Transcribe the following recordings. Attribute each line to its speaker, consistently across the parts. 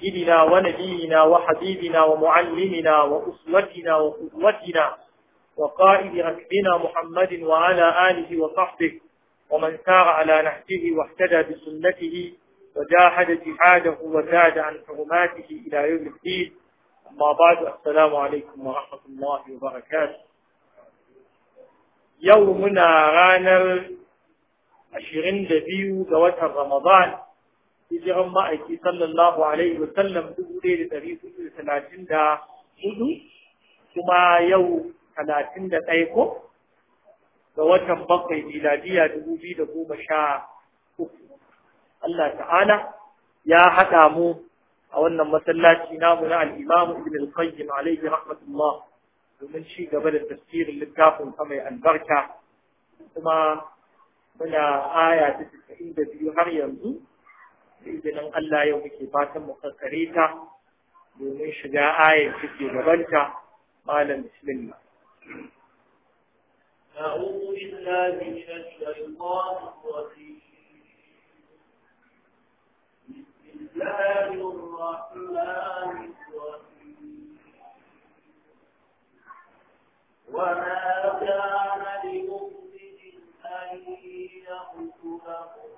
Speaker 1: سيدنا ونبينا وحبيبنا ومعلمنا وأسوتنا وقدوتنا وقائد ركبنا محمد وعلى آله وصحبه ومن سار على نهجه واهتدى بسنته وجاهد جهاده وزاد عن حرماته إلى يوم الدين أما بعد السلام عليكم ورحمة الله وبركاته يومنا رانا عشرين دبيو دوات رمضان hijiran ma'aiki sallallahu alaihi wa sallam dubu ɗaya da ɗari hudu da talatin da hudu kuma yau talatin da ɗaya ko ga watan bakwai miladiya dubu biyu da goma sha uku Allah ta'ala ya haɗa mu a wannan masallaci namu na al'imamu ibn al-qayyim alaihi rahmatullah domin ci gaba da tafsirin littafin sa mai albarka kuma muna aya ta 92 har yanzu izinin Allah yau muke fatan mu kankare ta domin shiga ayar cike gabanta malam bismillah
Speaker 2: أعوذ وما كان لمؤمن أن يقتل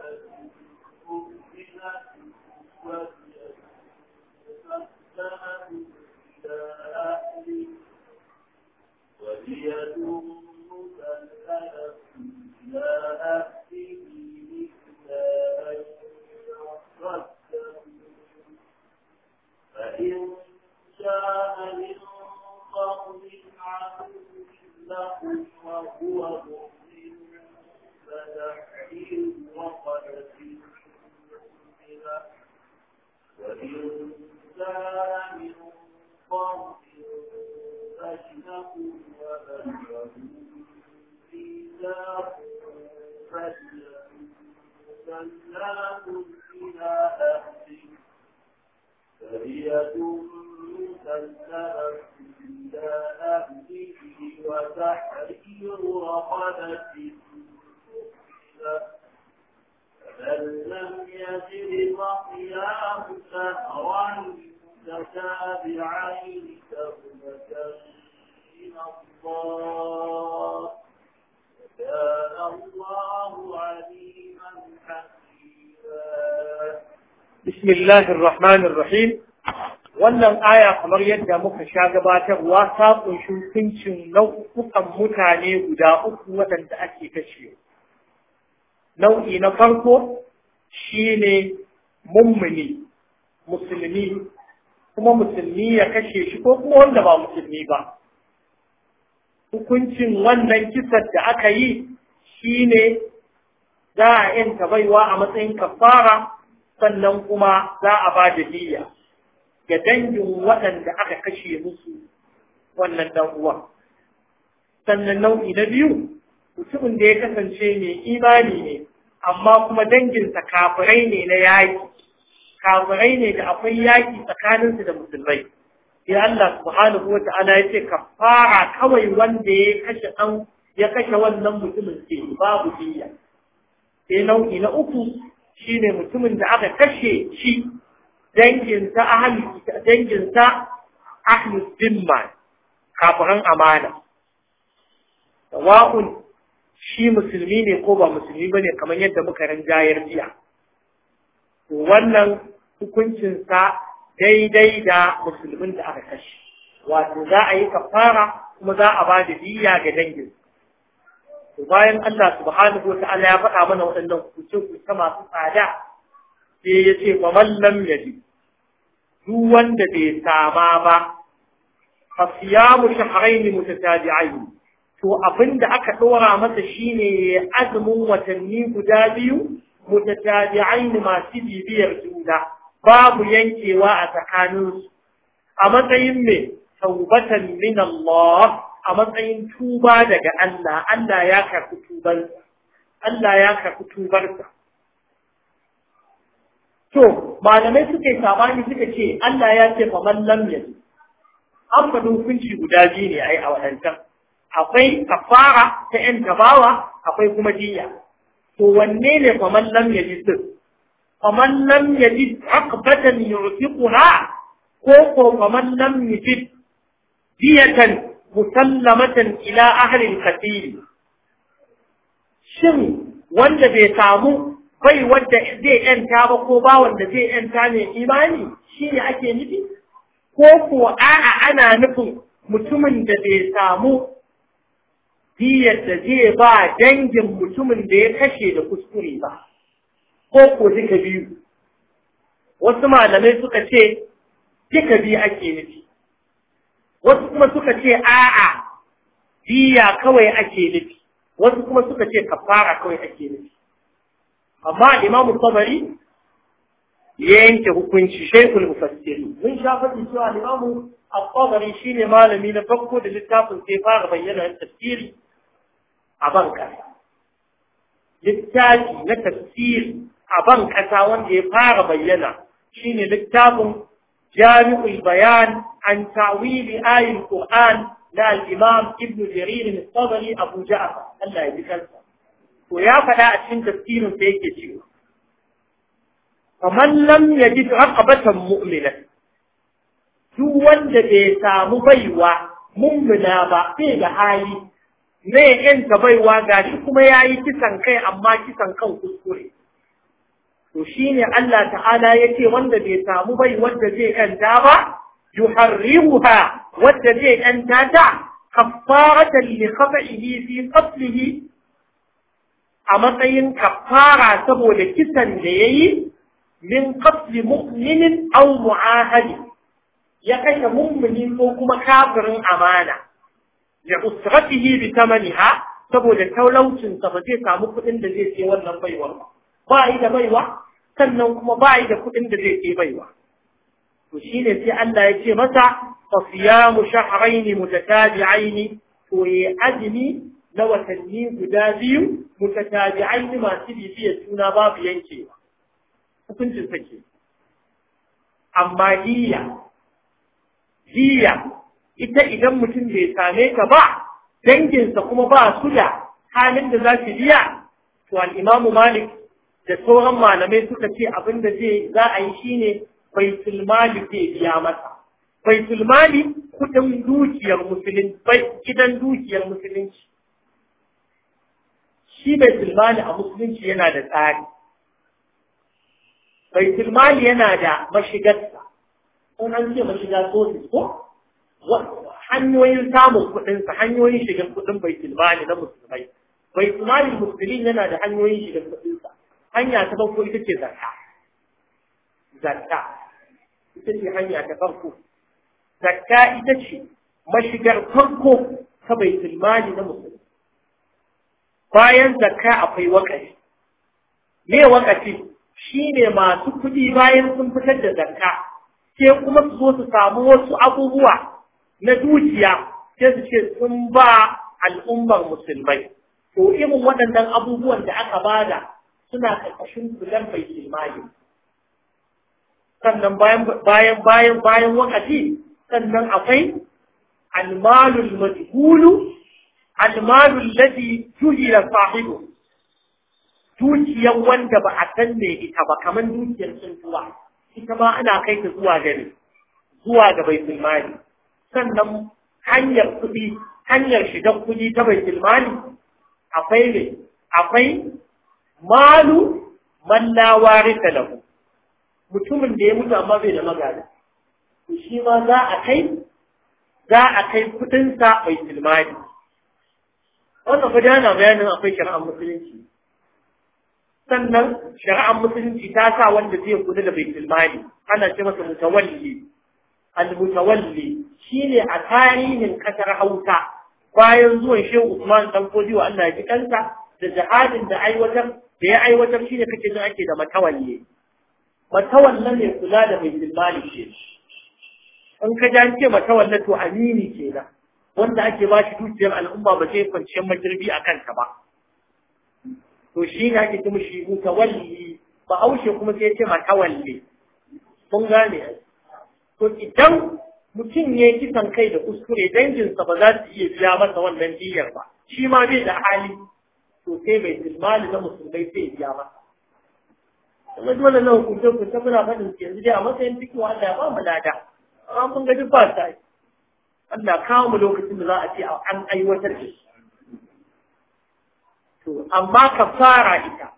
Speaker 1: bismillahir rahmanir rahim wannan aya kamar yadda muka sha gabatarwa ta kunshi hukuncin nau'ukan mutane guda uku waɗanda ake kashe nau'i na farko shine mummuni musulmi kuma musulmi ya kashe shi ko kuma wanda ba musulmi ba hukuncin wannan kisar da aka yi shine za a yanta baiwa a matsayin kafara sannan kuma za a ba da diya ga dangin waɗanda aka kashe musu wannan dan uwan sannan nau'i na biyu mutumin da ya kasance mai imani ne amma kuma danginsa kafirai ne na yaƙi kafirai ne da akwai yaƙi tsakaninsu da musulmai Ya Allah subhanahu wa ta'ala ya ce fara kawai wanda ya kashe ya kashe wannan mutumin ke, babu diya sai nau'i na uku shine mutumin da aka kashe shi danginsa ahli danginsa ahli zimma kafiran amana wa'un shi musulmi ne ko ba musulmi ba ne kamar yadda muka ranjayar jiya wannan hukuncinsa daidai da musulmin da aka kashe wato za a yi kafara kuma za a ba da diya ga danginsa bayan Allah subhanahu wa ta'ala ya faɗa mana waɗannan kuce-kuce masu tsada sai ya ce wa mallam yaji duk wanda bai sama ba fa siyamu shahrayn mutatabi'ain to abinda aka dora masa shine azumin watanni guda biyu mutatabi'ain masu bibiyar juna babu yankewa a tsakaninsu a matsayin mai taubatan min Allah a matsayin tuba daga Allah Allah ya karfi tubarsa Allah ya karfi tubarsa to malamai suke yi sabani suka ce Allah ya ce faman lam yaji an faɗi hukunci guda biyu ne a yi a waɗancan akwai kafara ta 'yan gabawa, akwai kuma jiya to wanne ne faman lam yaji din faman lam yaji aqbatan yurfiquha ko ko faman lam yaji diyatan musallamatan ila ahlil kathiri shin wanda bai samu bai wanda zai yanta ba ko ba wanda zai yanta ne imani shi ne ake nufi ko ko a'a ana nufin mutumin da bai samu diyar da zai ba dangin mutumin da ya kashe da kuskure ba ko ko duka biyu wasu malamai suka ce duka biyu ake nufi wasu kuma suka ce a'a diya kawai ake nufi wasu kuma suka ce kafara kawai ake nufi amma imam tabari ya yanke hukunci shaykhul mufassiri mun sha faɗi cewa imam tabari shine malami na farko da littafin sai fara bayyana tafsiri a ban kasa littafi na tafsiri a ban kasa wanda ya fara bayyana shine littafin جامع البيان عن تعويل آي القرآن لا الإمام ابن جرير الصدري أبو جعفر الله يذكره ويا فلا أتشن تفكير في جيو فمن لم يجد رقبة مؤمنة duk wanda bai samu baiwa mummuna ba sai da hali ne yanta baiwa gashi kuma yayi kisan kai amma kisan kan kuskure to ne Allah ta'ala ce wanda bai samu bai wanda zai kanta ba yuharriruha wanda zai kanta ta kaffaratan li khata'ihi fi qatlihi a matsayin kafara saboda kisan da yayi min qatli mu'minin aw mu'ahadi ya kashe mummuni ko kuma kafirin amana ya usratihi bi tamaniha saboda taulaucinsa ba zai samu kuɗin da zai ce wannan baiwar ba ba yi da baiwa sannan kuma ba yi da kuɗin da zai ke baiwa to shine sai Allah ya ce masa fa siyamu shahrayn mutatabi'ain to yi azumi na watanni guda biyu mutatabi'ain masu bibiyar juna babu yankewa hukuncin sake amma jiya, jiya ita idan mutum bai same ka ba danginsa kuma ba su da halin da za biya to Al'imamu malik da sauran malamai suka ce abin da zai za a yi ne baitul mali zai biya masa baitul mali kudin dukiyar musulunci bai gidan dukiyar musulunci shi baitul mali a musulunci yana da tsari baitul mali yana da mashigarsa kuma an ce mashiga sosai ko hanyoyin samun kuɗinsa hanyoyin shigar kuɗin baitul mali na musulmai baitul mali musulun yana da hanyoyin shigar kuɗinsa hanya ta farko ita ce zakka zakka ita ce hanya ta farko zakka ita ce mashigar farko ta bai mali na musulmi bayan zakka akwai wakari me shi ne masu kuɗi bayan sun fitar da zakka ke kuma su zo su samu wasu abubuwa na dukiya ke su ce sun ba al'ummar musulmai to irin waɗannan abubuwan da aka bada suna ƙarƙashin kulan bai limani sannan bayan bayan bayan wakati sannan akwai almalul majhulu almalul ladhi tuhira sahibu dukiyar wanda ba a san me ita ba kamar dukiyar tsuntuwa ita ma ana kai ta zuwa gare zuwa ga baitul mali sannan hanyar kuɗi hanyar shigar kuɗi ta baitul mali akwai ne akwai malu man la warisa lahu mutumin da ya mutu amma bai da magada shi ma za a kai za a kai kudin sa bai tilmani wannan fa dana bayanin akwai shari'ar musulunci sannan shari'ar musulunci ta sa wanda zai kula da bai mali ana ce masa mutawalli al-mutawalli shine a tarihin kasar Hausa bayan zuwan Shehu Usman dan wa Allah ya kansa da jihadin da aiwatar da ya aiwatar shi ne kake jin ake da matawalle matawalle ne kula da mai bilmali ce in ka ja ce matawalle to amini ke da wanda ake ba shi dukiyar al'umma ba zai kwanciyar makirbi a kanta ba to shi ne ake kuma shi mutawalli ba aushe kuma sai ce matawalle kun gane to idan mutum ne kisan kai da kuskure danginsa ba za su iya biya masa wannan diyar ba shi ma bai da hali to sai mai ismali na musulmai sai biya ba. kuma dole na hukunce hukunce muna faɗin ke yanzu dai a matsayin cikin Allah ya ba mu lada amma mun ga duk ba ta yi Allah kawo mu lokacin da za a ce an aiwatar da shi to amma ka fara ita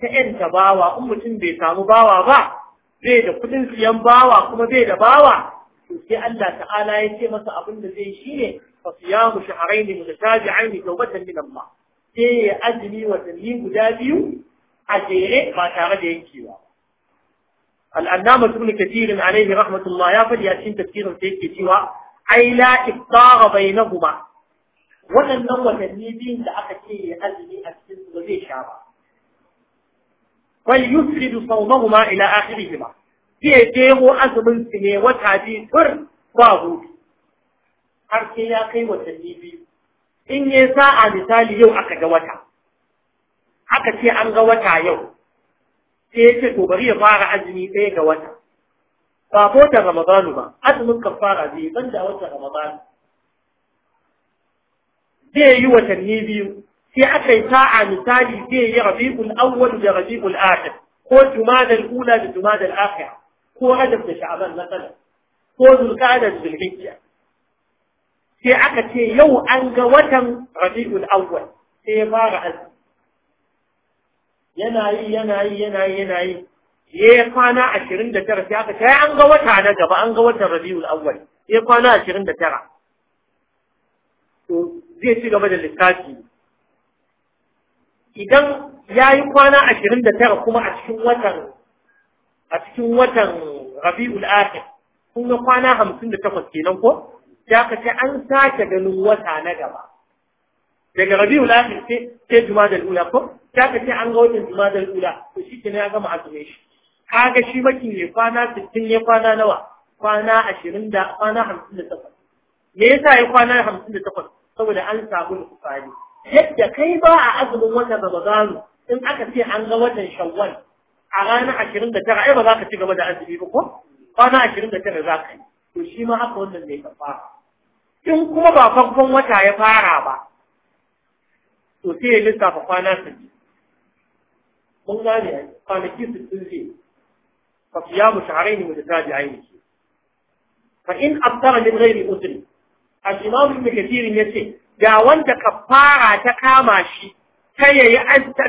Speaker 1: ta 'yan ta bawa in mutum bai samu bawa ba zai da kuɗin siyan bawa kuma bai da bawa to Allah ta'ala ya ce masa abin da zai shi ne fa siyamu shahrayn mutajaa'ain tawbatan min Allah sai ya azumi watanni guda biyu a jere ba tare da yankewa الأنام ابن ya faɗi a cikin يافد sai تفسير cewa ai أي لا bai بينهما wannan waɗannan watanni biyu da aka ce ya azumi a cikin su ba zai sha ba wal yusridu mahuma ila ba, zai dego azumin su ne wata biyu tur ba hudu har sai ya kai watanni biyu in yi sa'a misali yau aka ga wata aka ce an ga wata yau sai ya ce to bari ya fara azumi ɗaya ga wata ba bota ramadanu ba azumin kafara zai ban da wata ramadanu zai yi watanni biyu sai aka yi sa'a misali zai yi rabi'ul awwal da rabi'ul akhir ko jumadal ula da jumadal akhir ko rajab da sha'ban masalan ko zulqa'da da zulhijja sai aka ce yau an ga watan rabi'ul awwal sai ya fara azumi yana yi yana yi yana yi yana yi ya kwana ashirin da tara sai aka ce an ga wata na gaba an ga watan rabi'ul awwal ya kwana ashirin da tara to zai ci gaba da lissafi idan ya yi kwana ashirin da tara kuma a cikin watan a cikin watan rabi'ul akhir kun ga kwana hamsin da takwas kenan ko ya kace an sake ganin wata na gaba daga rabiul akhir sai sai jumadal ula ko ya kace an ga watan jumadal ula to shi kenan ya gama azumin shi kaga shi maki ne kwana 60 ya kwana nawa kwana 20 da kwana 58 me yasa ya kwana 58 saboda an samu kufari yadda kai ba a azumin wata Ramadan in aka ce an ga watan Shawwal a ranar 29 ai ba za ka ci gaba da azumi ba ko kwana 29 za ka yi to shi ma haka wannan ne fara in kuma ba farkon wata ya fara ba to sai ya lissafa kwana sittin mun gane kwanaki sittin zai fa siyamu shahrayn mutatabi'ain fa in aftara min ghairi usri al-imam ibn ya ce, da wanda ka fara ta kama shi ta yi an ta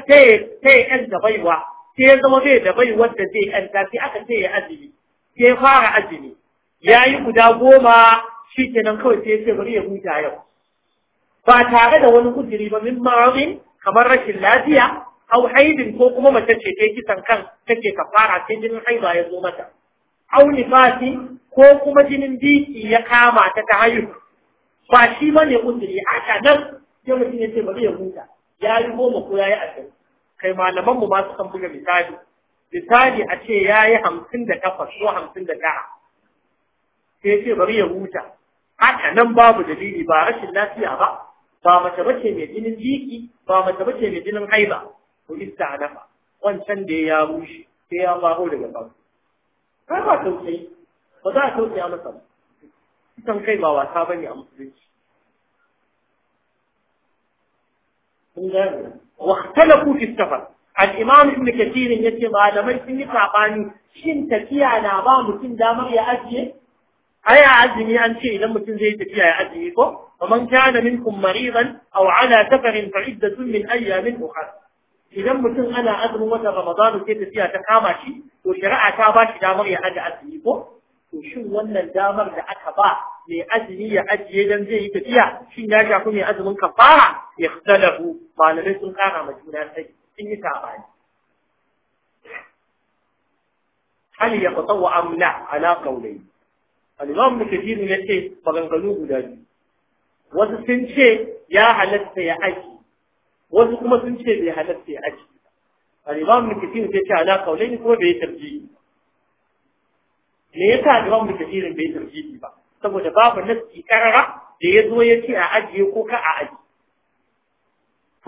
Speaker 1: da baiwa sai ya zama bai da baiwa da zai yan ta sai aka ce ya azumi sai fara azumi yi guda goma shi kenan kawai sai ce bari ya huta yau ba tare da wani kujiri ba min ma'amin kamar rashin lafiya au haidin ko kuma mace ce ta kisan kan take kafara sai jinin haiba ya zo mata au nifasi ko kuma jinin biki ya kama ta ta haihu ba shi ba ne kujiri a kanan sai mutum ya ce bari ya huta ya yi goma ko ya yi ashirin kai malaman mu ma kan buga misali misali a ce ya yi hamsin da takwas ko hamsin da tara sai ce bari ya huta haka nan babu dalili ba rashin lafiya ba ba mace bace mai jinin jiki ba mace bace mai jinin haiba to ista'nafa wancan da ya rushe sai ya faho daga farko kai ba tausayi ba za a a masa ba kisan kai ba wasa ne a musulunci kun gane wa ikhtalafu fi safar al-imam ibn kathir yace malamai sun yi sabani shin tafiya na ba mutum damar ya ajiye Aya azumi an ce idan mutum zai tafiya ya azumi ko faman kana minkum maridan aw ala safarin fa iddatun min ayyamin ukhra idan mutum ana azumin watan ramadan sai tafiya ta kama shi to shari'a ta ba shi damar ya aje azumi ko to shin wannan damar da aka ba mai azumi ya ajiye dan zai yi tafiya shin ya shafi mai azumin kafara ikhtalafu malamai sun kara ma juna sai sun yi ya hal yaqtawa amla ala qawlayn al mu mutajirin ya ce maganganu guda biyu wasu sun ce ya halatta ya aji wasu kuma sun ce bai halatta ya aji al-imam mutajirin ya ce ala kaulaini kuma bai tarjihi me yasa mu mutajirin bai tarjihi ba saboda babu nasi karara da ya zo ya ce a ajiye ko ka a aji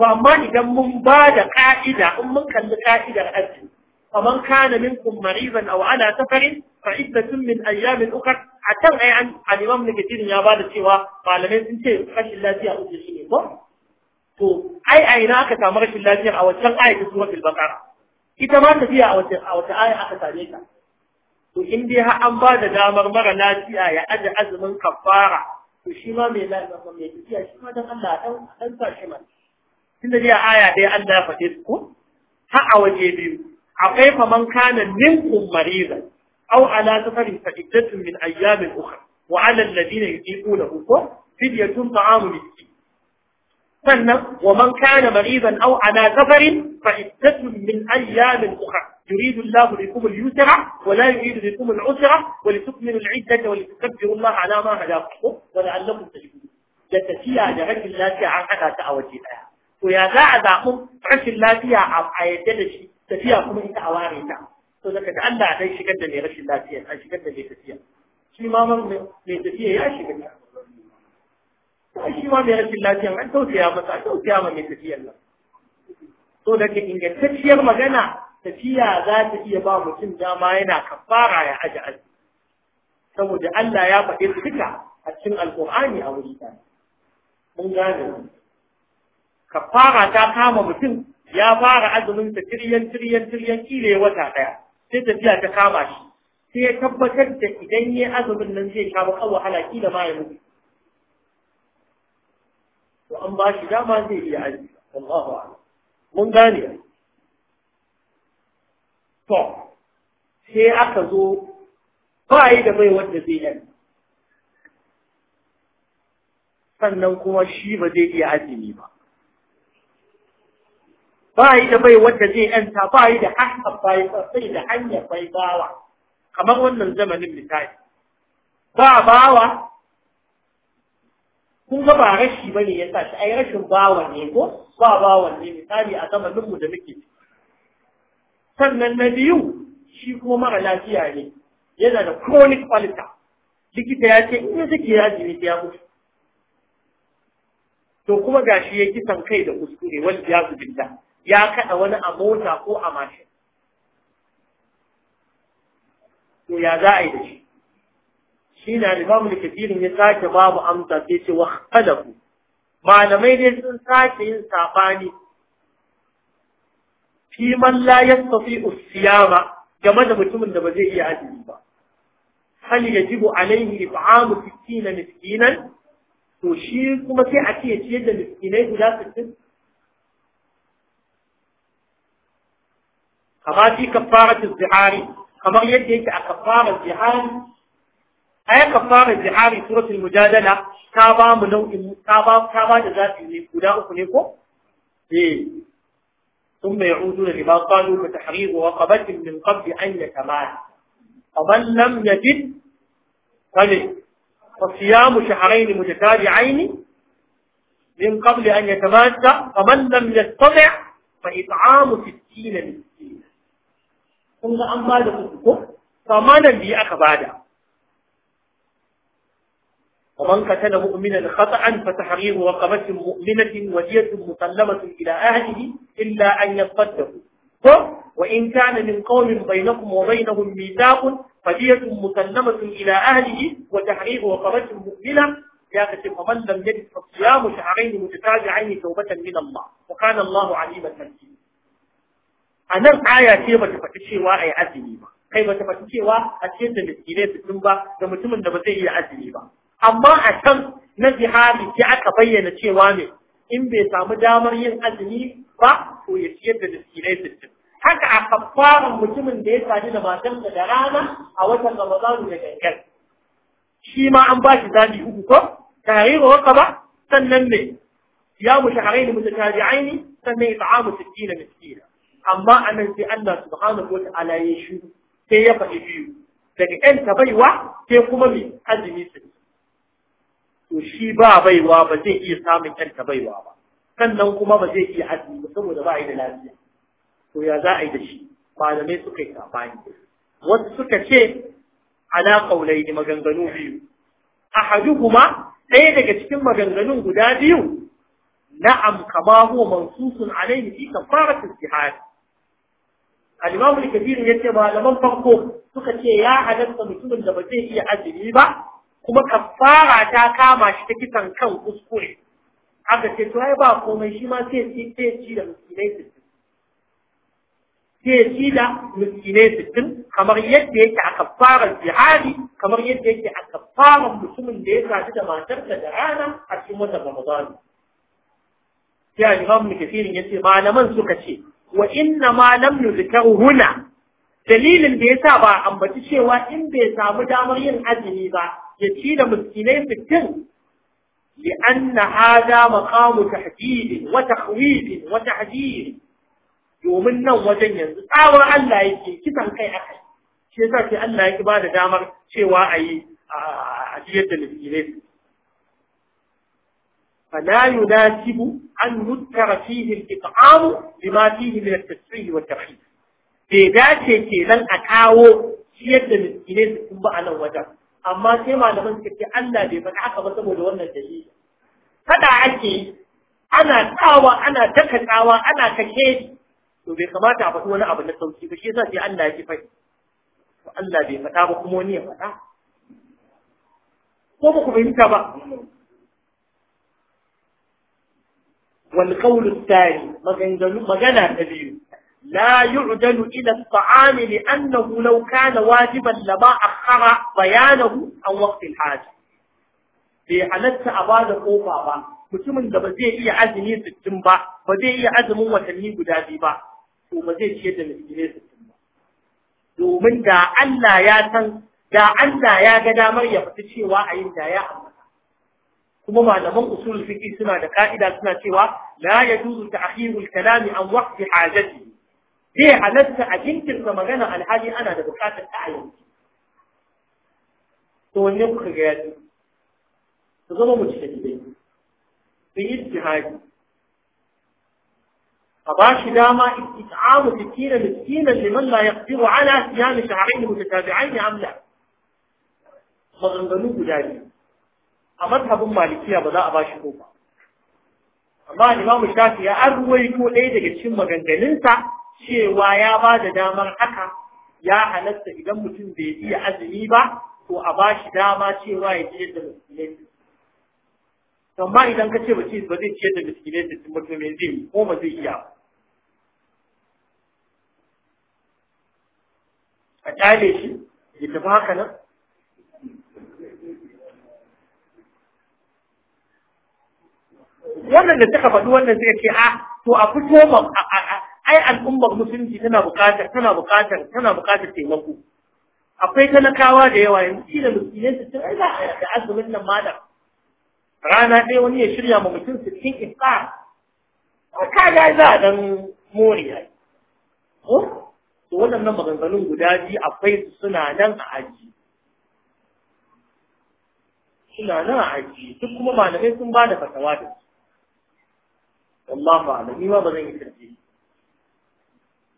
Speaker 1: to amma idan mun ba da ka'ida in mun kalli ka'idar aji faman kana minkum mariban aw ala safarin fa iddatun min ayyamin ukhra a can ai an al'imam na kasirin ya bada cewa malamai sun ce rashin lafiya uku shi ne ko to ai a ina aka samu rashin lafiya a wancan ayat ta suratul baqara ita ma tafiya a wata a wata aya aka same ta to in dai har an bada damar mara lafiya ya aje azumin kafara to shi ma mai lafiya mai tafiya shi ma dan Allah dan dan sa shi ma tunda dai aya dai Allah ya faɗe su ko har a waje biyu akwai faman kana minkum maridan أو على سفر فعدة من أيام أخرى وعلى الذين يطيقونه فدية طعام مسكين سنة ومن كان مريضا أو على سفر فعدة من أيام أخرى يريد الله لكم اليسر ولا يريد لكم العسر ولتكملوا العدة ولتكبروا الله على ما هداكم ولعلكم تجدون da tafiya الله في lafiya an haɗa ta a waje ɗaya. To ya za a تسيا كم إنت a yadda to daga da Allah sai shigar da mai rashin lafiya sai shigar da mai tafiya shi ma mai tafiya ya shigar da shi ma mai rashin lafiya an tausaya masa an tausaya ma mai tafiyar nan to daga ingantacciyar magana tafiya za ta iya ba mutum dama yana kafara ya aji azumi saboda Allah ya faɗi duka a cikin alƙur'ani a wuri ta mun gane kafara ta kama mutum ya fara azumin sa tiryan tiryan tiryan kile wata daya sai tafiya ta kama shi sai ya tabbatar da idan ya azumin nan zai sha baka wahala kila da ya mutu to an ba shi dama zai iya aji wallahu a'lam mun gane to sai aka zo ba yi da mai wanda zai yi sannan kuma shi ba zai iya azumi ba ba yi da bai wanda zai yanta ba yi da hanyar bai sai da hanyar bai bawa kamar wannan zamanin misali ba bawa kun ga ba rashi bane ya sa shi ai rashin bawa ne ko ba bawa ne misali a zamaninmu mu da muke sannan na biyu shi kuma mara lafiya ne yana da chronic quality likita ya ce in suke ya jimita ya mutu to kuma gashi ya kisan kai da kuskure wanda ya da. ya kada wani a mota ko a mashin to ya za a yi da shi shi na limamu da kafirin ya sake babu amsa sai ce wa halafu malamai ne sun sake yin saɓani fi man la yastafi usiyama game da mutumin da ba zai iya azumi ba Hali hal yajibu alaihi if'amu 60 miskinan to shi kuma sai a ce ya da miskinai guda kama kamar yadda yake a kafarar zihari ai kafarar zihari suratul mujadala ta ba mu nau'in ta ba ta ba guda uku ne ko ثم يعودون لما قالوا فتحرير رقبة من قبل أن يتمال فمن لم يجد فصيام شهرين متتابعين من قبل أن يتماسى فمن لم يستطع فإطعام ستين kun ga an ba da kuɗi ko aka bada ومن قتل مؤمنا خطأ فتحرير رقبة مؤمنة ودية مسلمة إلى أهله إلا أن يصدقوا وإن كان من قوم بينكم وبينهم ميثاق فدية مسلمة إلى أهله وتحرير رقبة مؤمنة يا أخي ومن لم يجد فصيام شهرين متتابعين توبة من الله وكان الله عليما حكيما a nan aya ce ba ta faɗi cewa a yi azumi ba kai ba ta faɗi cewa a ce da miskinai sittin ba da mutumin da ba zai iya azumi ba amma a can na zihari ya aka bayyana cewa ne in bai samu damar yin azumi ba to ya ciyar da miskinai sittin haka a kafaran mutumin da ya sadu da matarsa da rana a watan Ramadan da gangan shi ma an ba shi zabi uku ko tahriru waka ba sannan ne ya mu shahararri mutatabi'aini sannan ya ta'amu 60 miskina amma anan sai Allah subhanahu wata'ala ya shiru sai ya faɗi biyu daga ƴan baiwa sai kuma mai azumi su to shi ba baiwa ba zai iya samun ƴan baiwa ba sannan kuma ba zai iya azumi ba saboda ba yi da lafiya to ya za a yi da shi malamai suka yi sabani wasu suka ce ala kaulai maganganu biyu ahaduhuma ɗaya daga cikin maganganun guda biyu na'am kama huwa mansusun alaihi fi kafaratu jihad al'imamu da kabiru ya ce malaman farko suka ce ya halatta mutumin da ba zai iya azumi ba kuma kafara ta kama shi ta kisan kan kuskure aka ce to ai ba komai shi ma sai ci sai ci da miskinai sittin sai ci da miskinai sittin kamar yadda yake a kafarar jihadi kamar yadda yake a kafarar mutumin da ya sadu da matarsa da rana a cikin watan ramadan sai al'imamu da kabiru ya ce malaman suka ce wa inna ma lam yuzkar huna dalilin da yasa ba ambaci cewa in bai samu damar yin azumi ba ya ci da miskinai fitin لأن هذا مقام تحديد وتخويف وتحذير domin nan wajen yanzu tsawon Allah yake kisan kai akai shi yasa sai Allah ya ba da damar cewa a yi a jiyar da miskinai فلا يناسب أن يذكر فيه الإطعام بما فيه من التسريح والترحيب بذاته كيلان أكاو سيادة مسكينين تكون بأنا وجه أما كما لمن سكت أنا عقب بسبب لونا الدليل هذا عكي أنا تاوى أنا تكتاوى أنا تكيد to bai kamata a faɗi wani abu na sauki ba shi yasa sai Allah ya ji ko ba ku fahimta ba والقول الثاني مغنى تبيه لا يعدل إلى الطعام لأنه لو كان واجبا لما أخر بيانه عن وقت الحاجة في حالة أبادة قوفة با mutumin da ba zai iya azumi sittin ba ba zai iya azumin watanni guda biyu ba to ba zai ciyar da miskinai sittin ba domin da Allah ya san da ya ga cewa a yin da amma kuma malaman usul fiqh suna da ka'ida suna cewa la yajuzu ta'khirul kalami an waqti hajati bai halatta a jinkirta magana alhali ana da bukatar ta ayyuka to wanne kuka ga yaji ku zama mu cikin dai ku yi ijtihadi a ba shi dama it'amu sikina miskina liman la yaqdiru ala siyam shahrayn mutatabi'ain am la maganganu guda biyu a mazhabin malikiya ba za a bashi ko ba amma imamu shafi ya an ruwaito ɗaya daga cikin maganganunsa cewa ya ba da damar haka ya halatta idan mutum bai iya azumi ba to a ba shi dama cewa ya ciyar da to amma idan ka ce ba ba zai ciyar da miskinai da sun mutum zai yi ko ba zai iya a kyale shi ya tafi haka nan wannan da suka faɗi wannan suka ce a ah, to a fito ma ai al'ummar musulunci tana buƙatar tana buƙatar tana buƙatar taimako akwai talakawa da yawa yanzu shi da musulmai su tun za da azumin nan malam rana ɗaya wani ya shirya ma mutum su sittin isa a kaga za a ɗan moriya ko to waɗannan maganganun guda biyu akwai su suna nan a aji suna nan a aji duk kuma malamai sun ba da fatawa da su wallahu a'lam ni ma ba zan yi tarjihi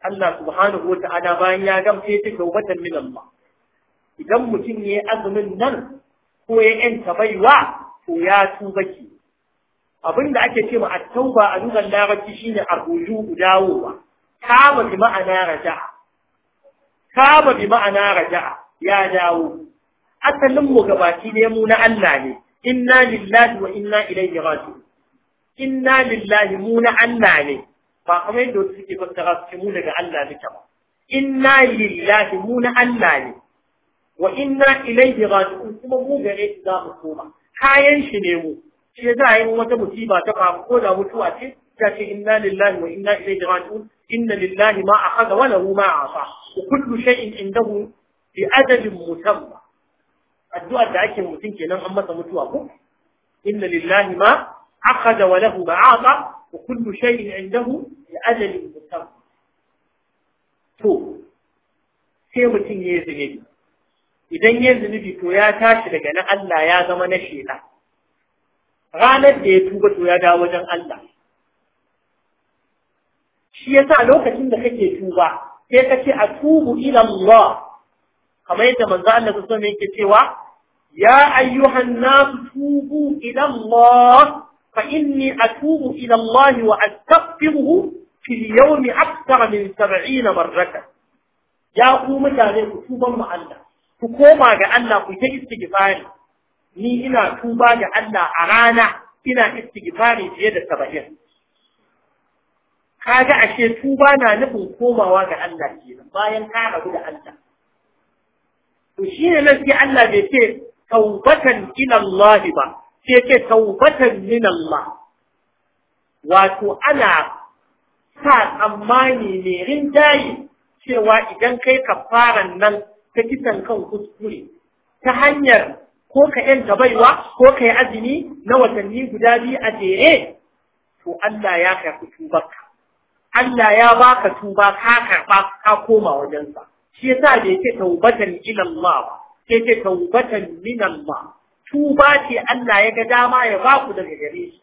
Speaker 1: Allah subhanahu wa ta'ala bayan ya ya ta tawbatan min Allah idan mutum ya yi azumin nan ko ya yanta baiwa to ya tuba Abin da ake ce ma a tauba a lugar larabci shine arruju dawowa kama bi ma'ana raja'a kama bi ma'ana raja'a ya dawo asalin mu gabaki ne mu na Allah ne inna lillahi wa inna ilaihi raji'un inna lillahi mu na Allah ne ba kamar yadda wasu suke fassara su mu daga Allah ne ba inna lillahi mu na Allah ne wa inna ilaihi raji'un kuma mu gare shi za mu koma kayan shi ne mu shi za a yi wata musiba ta faru ko da mutuwa ce ta ce inna lillahi wa inna ilaihi raji'un inna lillahi ma a akhadha wa lahu ma afa wa kullu shay'in indahu bi ajalin musamma addu'ar da ake mutum kenan an masa mutuwa ko inna lillahi ma عقد وله معاطى وكل شيء عنده لأجل مسمى to sai mutum ya yi zunubi idan ya zunubi to ya tashi daga na Allah ya zama na shela ranar da ya tuba to ya dawo wajen Allah shi yasa lokacin da kake tuba sai ka ce atubu ila Allah kamar yadda manzo Allah sallallahu alaihi yake cewa ya ayyuhan nas tubu ila Allah فإني أتوب إلى الله وأستغفره في اليوم أكثر من سبعين مرة يا قوم تاني كتوبا مع الله كوما جاء الله كي استغفاري ni ina tuba ga Allah a rana ina istighfari fiye da saba'in kaga ashe tuba na nufin komawa ga Allah kenan bayan ka rabu da Allah to shine nan sai Allah bai ce taubatan ila ba yake taubatan min Allah wato ana sa tsammani ne rinjaye cewa idan kai kafaran nan ta kisan kan kuskure ta hanyar ko ka yanta baiwa ko ka azumi na watanni guda biyu a jere to Allah ya karɓi tubarka Allah ya baka tuba ka karɓa ka koma wajensa shi yasa da yake taubatan ila Allah ba yake taubatan min Allah tuba ce Allah ya ga dama ya ba ku daga gare shi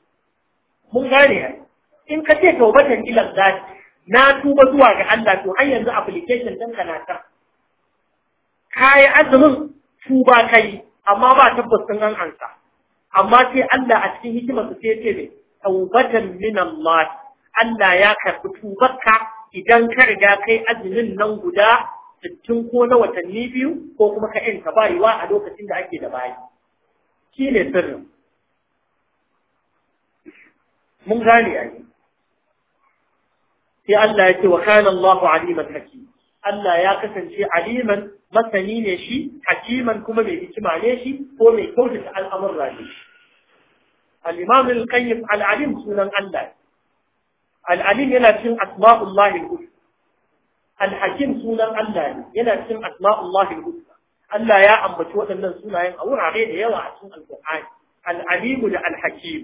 Speaker 1: mun gane in ka ce taubatan ilan zati na tuba zuwa ga Allah to har yanzu application ɗin ka na ta yi azumin tuba kai amma ba tabbas sun an ansa amma sai Allah a cikin hikimar su sai ce ne taubatan min Allah Allah ya karɓi tubarka idan ka riga kai azumin nan guda sittin ko na watanni biyu ko kuma ka yanka bayiwa a lokacin da ake da bayi shi ne sirrin mun gane a sai Allah ya ce wa kana Allahu aliman hakim Allah ya kasance aliman masani ne shi hakiman kuma mai hikima ne shi ko mai kyautata al'amurra ne shi al-imam al-qayyim al-alim sunan Allah al-alim yana cikin asma'ullahi al-husna al-hakim sunan Allah ne yana cikin asma'ullahi al-husna Allah ya ambaci waɗannan sunayen a wurare da yawa a cikin Al-Qur'ani al-Alimu da al-Hakim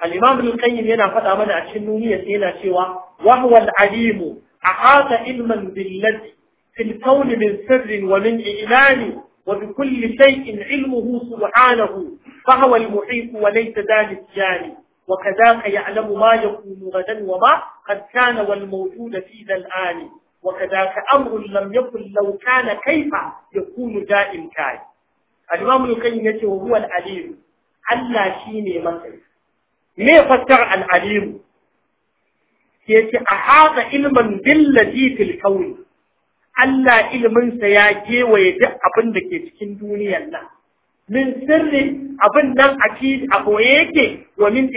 Speaker 1: al-Imam al-Qayyim yana faɗa mana a cikin nuniyar yana cewa wa huwa al-Alimu ahata ilman billati fil kawn min sirrin wa min i'lani wa bi kulli shay'in ilmuhu subhanahu fa huwa al-muhit wa laysa dhalik jani وكذاك يعلم ما يكون غدا وما قد كان والموجود في ذا الآن وكذاك أمر لم يكن لو كان كيف يكون دائم كاي الإمام القيم يتي وهو العليم ألا شيني مثل ما فسر العليم يتي أحاط علما بالذي في الكون Allah iliminsa ya kewaye duk abin ke cikin duniyar nan. Min sirri abin nan a koye yake wa min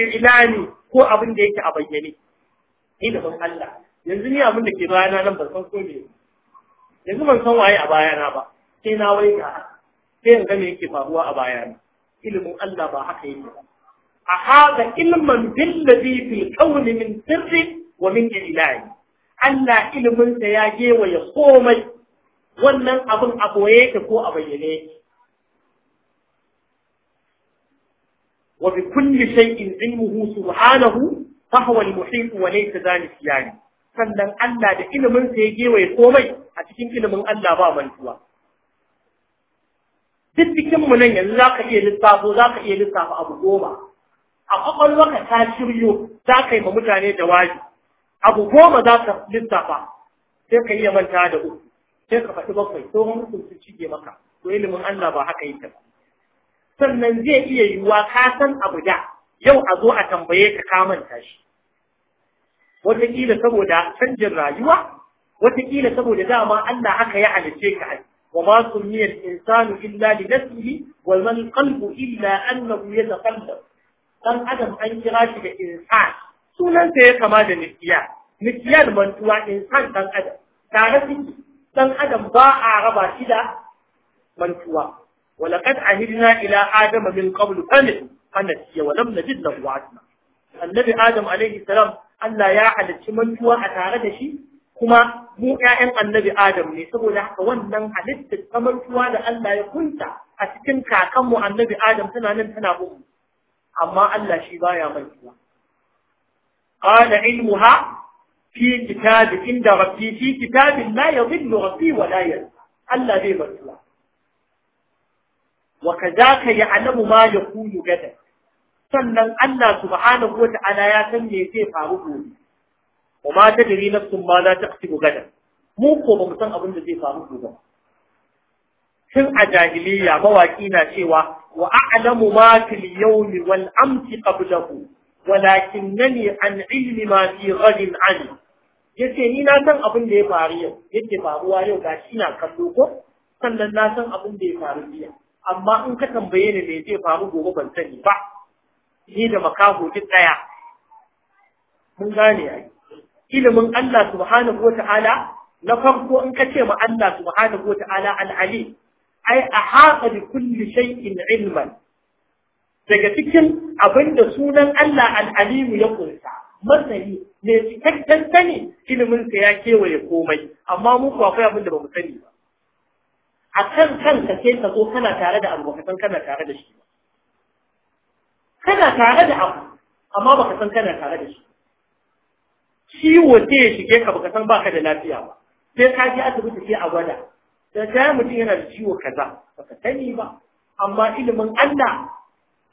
Speaker 1: ko abin da yake a bayyane. Ilimin Allah. yanzu ni abin da ke bayana nan ban san ko me yanzu ban san waye a bayana ba sai na wai ga sai in ga me yake faruwa a bayana ilimin Allah ba haka yake ba a hada ilman billazi fil kauni min sirri wa min ilahi Allah ilimin da ya ya komai wannan abin a boye ka ko a bayyane ilmuhu subhanahu fa huwa al-muhit wa laysa dhalika yani sannan Allah da ilimin sa ya gewaye komai a cikin ilimin Allah ba mantuwa duk cikin mu nan yanzu zaka iya lissafo zaka iya lissafa abu goma a ka ta shiryo za ka yi ma mutane jawabi abu goma za ka lissafa sai ka iya manta da uku sai ka faɗi bakwai tsohon rukun su cige maka to ilimin Allah ba haka yake ba sannan zai iya yiwuwa ka san abu da yau a zo a tambaye ka ka manta shi wataƙila saboda canjin rayuwa watakila saboda dama Allah haka ya halice ka wa ma sumiya insanu illa li nafsihi wa man qalbu illa annahu yataqallab dan adam an kira shi da insan sunan sa ya kama da nikiya Nikiyar mantuwa insan dan adam tare suke dan adam ba a raba shi da mantuwa ولقد عهدنا إلى آدم من قبل فنسي ولم نجد له عزما النبي آدم عليه السلام Allah ya halicci mantuwa a tare da shi kuma mu ƴaƴan annabi Adam ne saboda haka wannan halittar ta mantuwa da Allah ya kunta a cikin kakanmu annabi Adam tana nan tana bugu amma Allah shi baya mantuwa qala ilmuha fi kitab inda rabbi fi kitab la yadhillu rabbi wa la Allah bai mantuwa wa kadaka ya'lamu ma yakunu gadan sannan Allah subhanahu ta'ala ya san me zai faru gobe kuma ta dari nafsun ma za ta kasi gada mu ko ba mu san abin da zai faru gobe tun a jahiliya mawaki na cewa wa a'lamu ma fil yawmi wal amsi qablahu walakinnani an ilmi ma fi ghadin an yace ni na san abin da ya faru yau yake faruwa yau shi na kallo ko sannan na san abin da ya faru jiya amma in ka tambaye ni me zai faru gobe ban sani ba ni da makaho duk ɗaya mun gane ai ilimin Allah subhanahu wata'ala na farko in ka ce ma Allah subhanahu wata'ala al-ali ai a ahata bi kulli shay'in ilman daga cikin abinda sunan Allah al-alimu ya kunsa masani ne cikakken sani ilimin sa ya kewaye komai amma mu kuwa akwai abin da bamu sani ba a kan kanka sai ka zo kana tare da abubakar kana tare da shi ba kana tare da abu amma baka san kana tare da shi ciwo sai ya shige ka baka san baka da lafiya ba sai ka je asibiti sai a gwada da ta mutum yana da ciwo kaza baka sani ba amma ilimin Allah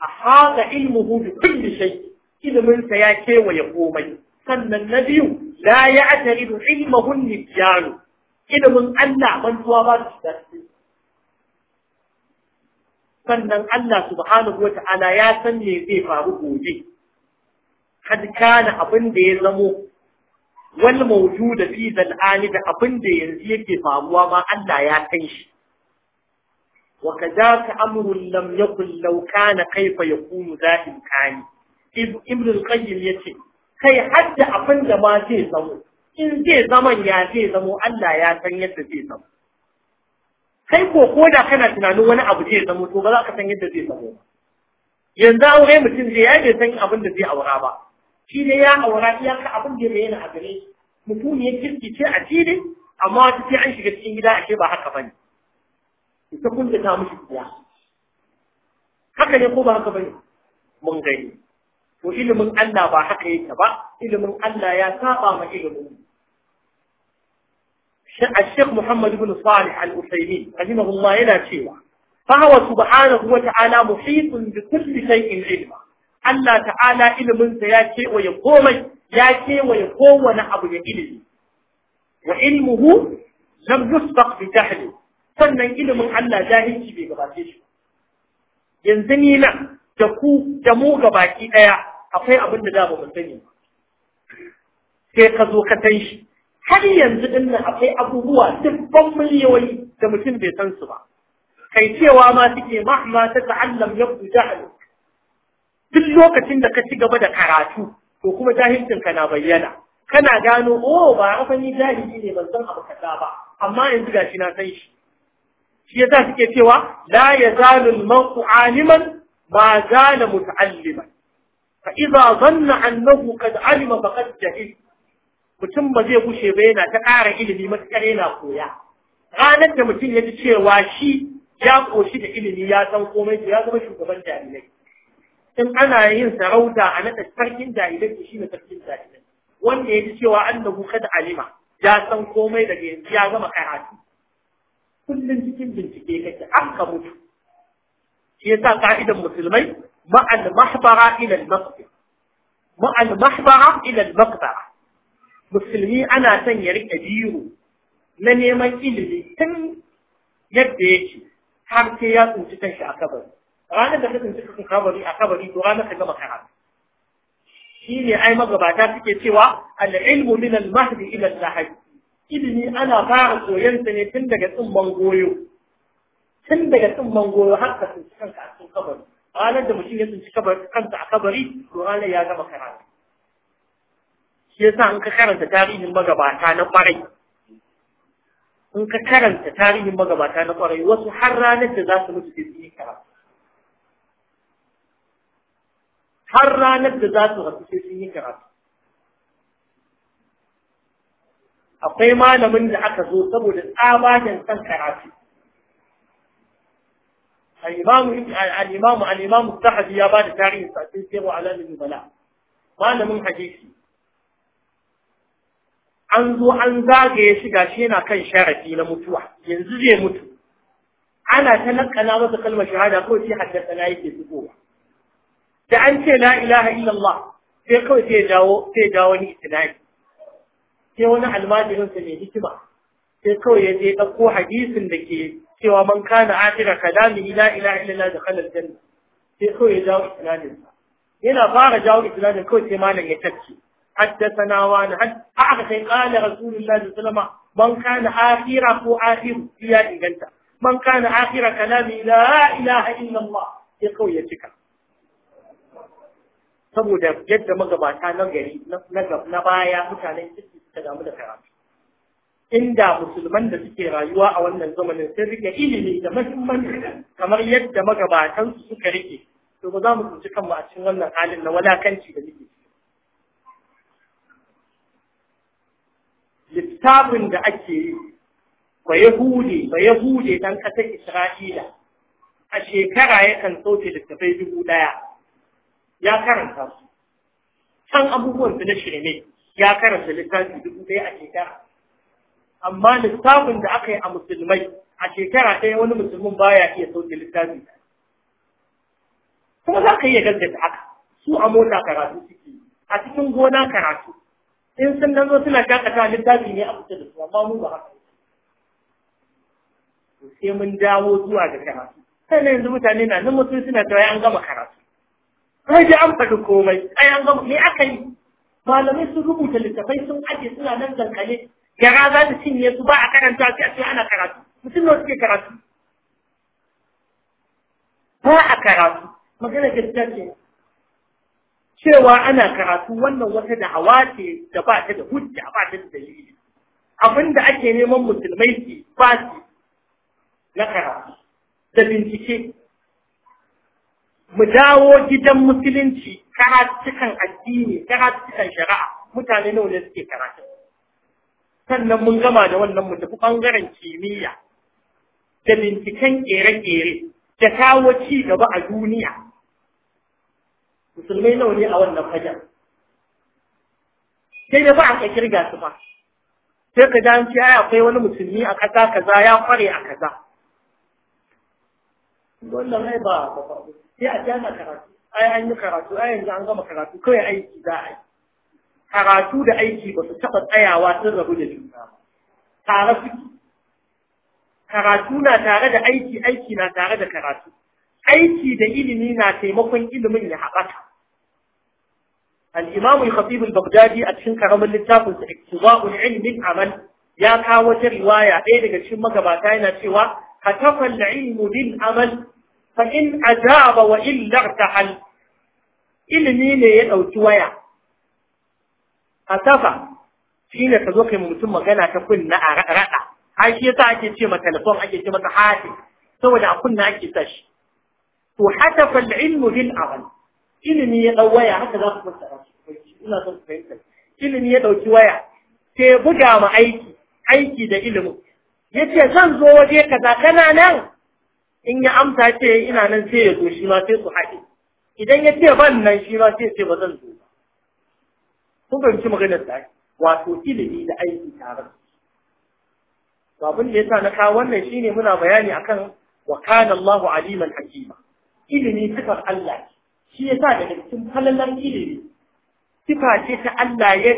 Speaker 1: a haɗa ilmuhu bi kulli shay ilimin sa ya kewaye komai sannan na biyu la ya'taridu ilmuhu nisyanu ilimin Allah mantuwa ba su da sannan Allah subhanahu wa ta'ala ya san me zai faru gobe kad kana abin da ya zamo wal mawjuda fi zal da abin da yanzu yake faruwa ma Allah ya san shi wa ka amrun lam yakun law kana kaifa yakunu za kani, ibn al-qayyim yace kai hadda abin da ma zai zamo in zai zaman ya zai zamo Allah ya san yadda zai zamo kai ko ko da kana tunanin wani abu zai zamo to ba za ka san yadda zai zamo yanzu aure mutum zai ya san abin da zai aura ba shi ne ya aura iyaka abin da yana a gare mutum ya kirki ce a fili amma wata sai an shiga cikin gida ashe ba haka bane ita kun ta mishi kuwa haka ne ko ba haka bane mun gani to ilimin Allah ba haka yake ba ilimin Allah ya saba ma ilimin الشيخ محمد بن صالح الأسيمين رحمه الله يلا شيوا فهو سبحانه وتعالى محيط بكل شيء علما Allah ta'ala iliminsa ya kewaye komai ya kewaye kowane abu da ilimi wa ilmuhu lam yusbaq bi jahli sannan ilimin Allah jahilci bai gabace shi yanzu ni nan da ku da mu gabaki akwai abinda da za mu sai ka zo ka san shi har yanzu din nan akwai abubuwa dubban miliyoyi da mutum bai san su ba kai cewa ma suke mahma ta ta'allam ya ku duk lokacin da ka ci gaba da karatu to kuma jahilcin na bayyana kana gano oh ba afa ni jahili ne ban san abu kaza ba amma yanzu shi na san shi shi yasa suke cewa la yazalu al-mar'u aliman ma zala muta'alliman fa idza dhanna annahu qad alima faqad jahil mutum ba zai gushe ba yana ta ƙara ilimi matuƙar yana koya ranar da mutum ya ji cewa shi ya ƙoshi da ilimi ya san komai ya zama shugaban jami'ai in ana yin sarauta a naɗa sarkin jahilai shi ne sarkin jahilai wanda ya ji cewa annabu kada alima ya san komai daga yanzu ya zama karatu kullum cikin bincike kake an ka mutu shi yasa ka'idan musulmai ma'al mahbara ila al-maqbara ma'al mahbara ila al-maqbara musulmi ana son ya riƙe biyu na neman ilimi tun yadda yake har sai ya tsinci kanshi a kabari ranar da ka tsinci kanka kabari a kabari to ranar ka gama karatu shi ne ai magabata suke cewa al-ilmu min al-mahdi ila al-lahad ilimi ana fara koyon sa ne tun daga tsumman goyo tun daga tsumman goyo har ka tsinci kanka a cikin kabari ranar da mutum ya tsinci kanka a kabari to ranar ya gama karatu shi yasa in ka karanta tarihin magabata na kwarai in ka karanta tarihin magabata na kwarai wasu har ranar da za su mutu sai su yi karatu har ranar da za su rasu sai sun yi karatu akwai malamin da aka zo saboda tsabagen san karatu al-imamu al-imamu al-imamu sahabi ya bada tarihin sa sai sai wa alamin bala malamin hadisi an zo an zagaye shi yana kan sharafi na mutuwa yanzu zai mutu ana ta nakana masa kalmar shahada kawai sai haddasa na yake fitowa da an ce la ilaha illallah sai kawai sai dawo sai dawo ni itinai sai wani almajirin sa mai hikima sai kawai ya je dauko hadisin da ke cewa man kana akira kalami la ilaha illallah da khalal janna sai kawai ya dawo itinanin yana fara jawo itinanin kawai sai malam ya tacce حدثنا وانا حد اعرف قال رسول الله صلى الله عليه وسلم من كان اخر هو اخر يا إنجلتا من كان اخر كلامي لا اله الا الله يقوي يتكا saboda yadda magabata na gari na baya mutane suke suka damu da karatu inda musulman da suke rayuwa a wannan zamanin sun rike ilimi da muhimmanci kamar yadda magabatan su suka rike to ba za mu tsinci kanmu a cikin wannan halin na walakanci da muke littafin da ake yi ba Yahudi ba Yahudi dan kasar Isra'ila a shekara yakan sauke littafai dubu ɗaya ya karanta su can abubuwan su na shirme ya karanta littafi dubu ɗaya a shekara amma littafin da aka yi a musulmai a shekara ɗaya wani musulmin baya iya sauke littafi kuma za ka iya gaggata haka su a mota karatu suke a cikin gona karatu in sun dan zo suna kakata littafi ne a kusa da su amma mu ba haka sai mun dawo zuwa ga karatu sai yanzu mutane na nan mutum suna cewa an gama karatu ai ji an faɗi komai ai an gama me aka yi malamai sun rubuta littafai sun ake suna nan zankale. gara za su cinye su ba a karanta sai a ce ana karatu mutum nawa suke karatu ba a karatu magana gaskiya ce cewa ana karatu wannan wata da hawa ce da ba ta da hujja ba ta da dalili abinda ake neman musulmai ke ba su na karatu da bincike mu dawo gidan musulunci karatukan addini karatukan shari'a mutane nawa ne suke karatu sannan mun gama da wannan mu tafi bangaren kimiyya da binciken kere-kere da kawo ci gaba a duniya musulmai nawa ne a wannan fajar sai da ba a ka kirga su ba sai ka an ce ai akwai wani musulmi a kaza kaza ya kware a kaza wannan ai ba ba sai a jana karatu ai an yi karatu ai yanzu an gama karatu kawai aiki za a yi karatu da aiki ba su taɓa tsayawa sun rabu da juna tare suke karatu na tare da aiki aiki na tare da karatu aiki da ilimi na taimakon ilimin ya haɓaka al-imam al-khatib al-baghdadi a cikin karamin littafin sa iktiza'ul ilm amal ya kawo wata riwaya ɗaya daga cikin magabata yana cewa hatafa al-ilm bil amal fa in ajaba wa illa tahal ilimi ne ya ɗauki waya hatafa shine ka zo kai mutum magana ta kunna a raɗa ai shi yasa ake ce ma telefon ake ce masa hati saboda a kunna ake sa shi to hatafa al-ilmu bil amal ilimi ya dau waya haka za ku fassara ina son ku fahimta ilimi ya dauki waya Ke buga ma aiki aiki da ilimi yace zan zo waje kaza kana nan in ya amsa ce ina nan sai ya zo shi ma sai su haɗe idan ya ce ban nan shi ma sai ce ba zan zo ba kun fahimci maganar da wato ilimi da aiki tare to abin da ya sa na kawo wannan shine muna bayani akan wa kana Allahu aliman hakima ilimi sifar Allah shi ya sa daga cikin falalar ilimi sifa ce ta Allah ya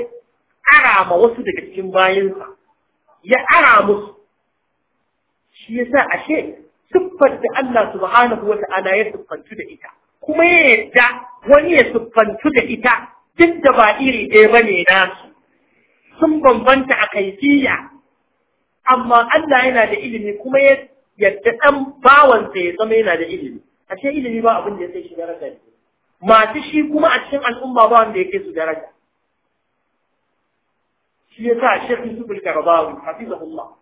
Speaker 1: ara ma wasu daga cikin bayansa ya ara musu shi ya sa ashe siffar da Allah subhanahu wata'ala ya siffantu da ita kuma ya yadda wani ya siffantu da ita duk da ba iri ɗaya ne na sun bambanta a kaifiya amma Allah yana da ilimi kuma ya yadda ɗan bawansa ya zama yana da ilimi A ce ilimi ba abin da ya sai shi daraja ne masu shi kuma a cikin al'umma ba wanda ya kai su daraja shi ya sa shekh yusuf al-karbawi hafizahullah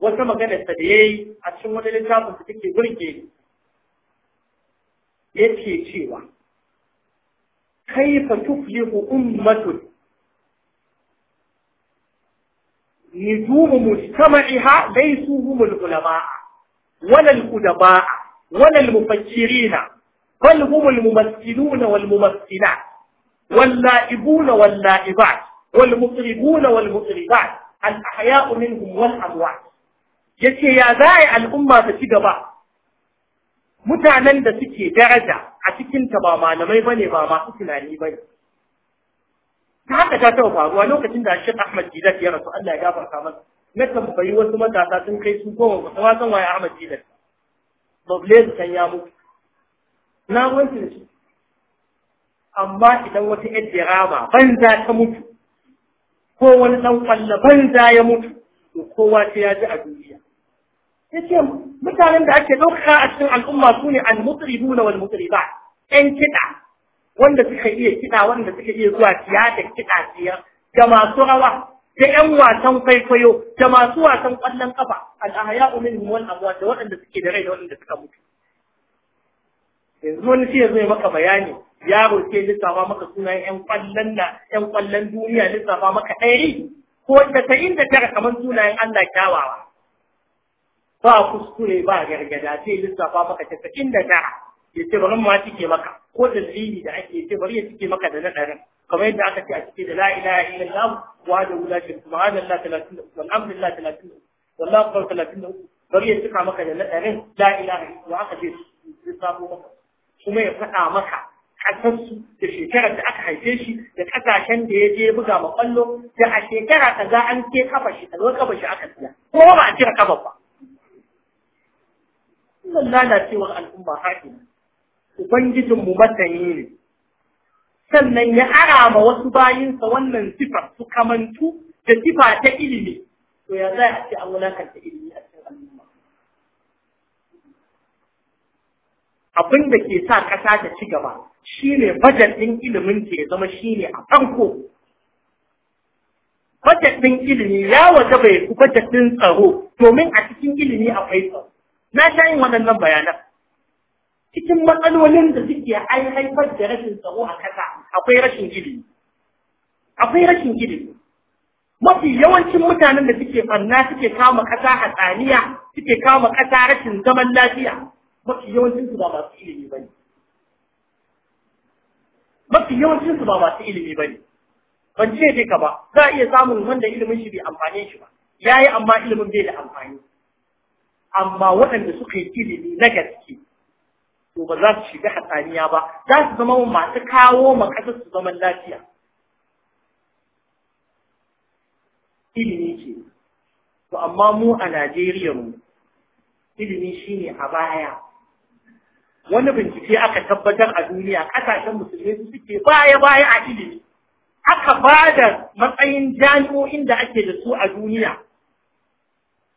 Speaker 1: wata magana ta da yayi a cikin wani littafin da take burge ni yake cewa kaifa tuflihu ummatun نجوم مجتمعها ليسوا هم العلماء ولا الأدباء ولا المفكرين بل هم الممثلون والممثلات واللائبون واللائبات والمطربون والمطربات الأحياء منهم والأموات يتي يا ذاي الأمة تتقبع متعنى تتي درجة أتكن تماما نمي بني ماما أتنا لي بني Haka ta tau faruwa lokacin da Sheikh Ahmad Jidat ya rasu Allah ya gafarta masa. Na tambayi wasu matasa sun kai su koma ga tsawon waya Ahmad Jidat. Bablezu can ya mutu. Na wanke da Amma idan wata ‘yan dirama banza ta mutu, ko wani ɗan ƙwallo banza ya mutu, to kowa sai ya ji a duniya. Ya ce mutanen da ake ɗaukaka a cikin al'umma su ne al na wal mutriba, ‘yan kiɗa, wanda suka iya kiɗa, wanda suka iya zuwa tiyata kiɗa tiyar, da masu rawa, da ƴan wasan kwaikwayo da masu wasan ƙwallon ƙafa al'ahaya'u minhum wani abuwa da waɗanda suke da rai da waɗanda suka mutu yanzu wani shi ya zo maka bayani yaro sai lissafa maka sunayen ƴan ƙwallon na ƴan ƙwallon duniya lissafa maka ɗari ko da ta da tara kamar sunayen Allah kyawawa ba kuskure ba gargada ce lissafa maka ta inda tara ya ce bari ma cike maka ko dalili da ake ce bari ya cike maka da na ɗarin kamar yadda aka ce a cikin da la ilaha illallah wahdahu la sharika lahu subhanallah 33 walhamdulillah 33 wallahu akbar 33 bari ya cika maka da ladarin la ilaha illallah aka ce su sabo maka kuma ya faɗa maka kasarsu da shekarar da aka haife shi da kasashen da ya je buga ma kwallo da a shekara ta za an ke kafa shi a kafa shi aka tsaya ko ba a cire kafa ba wannan lalacewar al'umma haɗi ubangijin mu masani ne sannan ya ma wasu bayinsa wannan sifar su kamantu da sifa ta ilimi to ya za a ce an wulakanta ilimi a cikin al'umma abin da ke sa ƙasa ta ci gaba shine bajet ɗin ilimin ke zama shi ne a farko bajet ɗin ilimi ya waje bai ku bajet ɗin tsaro domin a cikin ilimi akwai tsaro na sha yin waɗannan bayanan cikin matsalolin da suke haifar da rashin tsaro a ƙasa akwai rashin ilimi akwai rashin ilimi mafi yawancin mutanen da suke farna, suke kama ƙasa hatsaniya suke kama ƙasa rashin zaman lafiya mafi yawancin su ba masu ilimi ba ne mafi yawancin su ba masu ilimi ba ne ban ce dai ka ba za a iya samun wanda ilimin shi bai amfane shi ba ya yi amma ilimin bai da amfani amma waɗanda suka yi ilimi na gaske ba za su shiga hatsaniya ba za su zama masu kawo ma ƙasar su zaman lafiya ilimi ce to amma mu a Najeriya mu ilimi shine a baya wani bincike aka tabbatar a duniya ƙasashen musulmi su suke baya baya a ilimi aka ba da matsayin jami'o'in da ake da su a duniya